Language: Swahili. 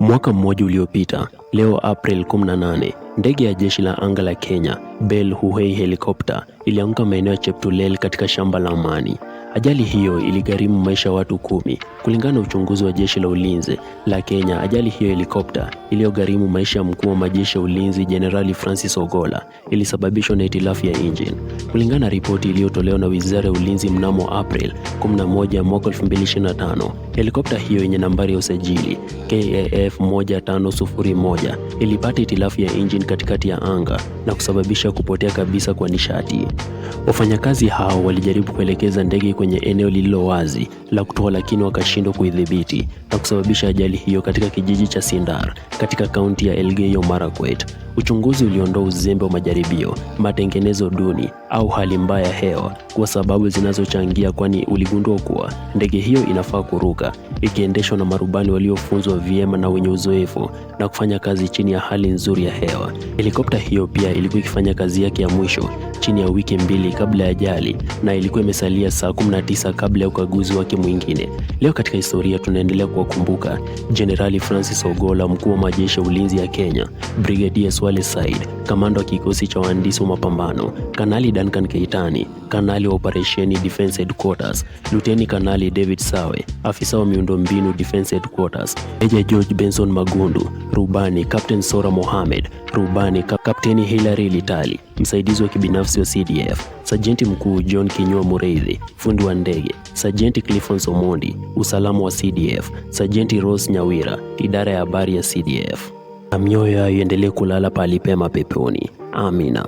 Mwaka mmoja uliopita leo April 18, ndege ya jeshi la anga la Kenya Bell Huey helicopter ilianguka maeneo ya Cheptulel katika shamba la amani Ajali hiyo iligharimu maisha ya watu kumi. Kulingana na uchunguzi wa Jeshi la Ulinzi la Kenya, ajali hiyo helikopta iliyogharimu maisha ya mkuu wa majeshi ya ulinzi Jenerali Francis Ogola ilisababishwa na hitilafu ya engine. Kulingana na ripoti iliyotolewa na Wizara ya Ulinzi mnamo April 11 mwaka 2025, helikopta hiyo yenye nambari ya usajili KAF 1501 ilipata hitilafu ya engine katikati ya anga na kusababisha kupotea kabisa kwa nishati. Wafanyakazi hao walijaribu kuelekeza ndege kwenye eneo lililo wazi la kutoa, lakini wakashindwa kuidhibiti na kusababisha ajali hiyo katika kijiji cha Sindar katika kaunti ya Elgeyo Marakwet. Uchunguzi uliondoa uzembe wa majaribio, matengenezo duni au hali mbaya ya hewa kwa sababu zinazochangia, kwani uligundua kuwa ndege hiyo inafaa kuruka ikiendeshwa na marubani waliofunzwa vyema na wenye uzoefu na kufanya kazi chini ya hali nzuri ya hewa. Helikopta hiyo pia ilikuwa ikifanya kazi yake ya mwisho chini ya wiki mbili kabla ya ajali na ilikuwa imesalia saa 19 kabla ya ukaguzi wake mwingine. Leo katika historia tunaendelea kuwakumbuka Jenerali Francis Ogola, mkuu wa majeshi ya ulinzi ya Kenya, Brigadier Liwale Said, kamanda wa kikosi cha wahandisi wa mapambano, Kanali Duncan Keitani, kanali wa operesheni Defense Headquarters, Luteni Kanali David Sawe, afisa wa miundombinu Defense Headquarters, Meja George Benson Magundu, rubani Captain Sora Mohamed, rubani Kapteni Hilary Litali, msaidizi wa kibinafsi wa CDF, Sajenti Mkuu John Kinyua Mureithi, fundi wa ndege, Sajenti Clifford Somondi, usalama wa CDF, Sajenti Rose Nyawira, idara ya habari ya CDF mioyo yao iendelee kulala pema peponi. Amina.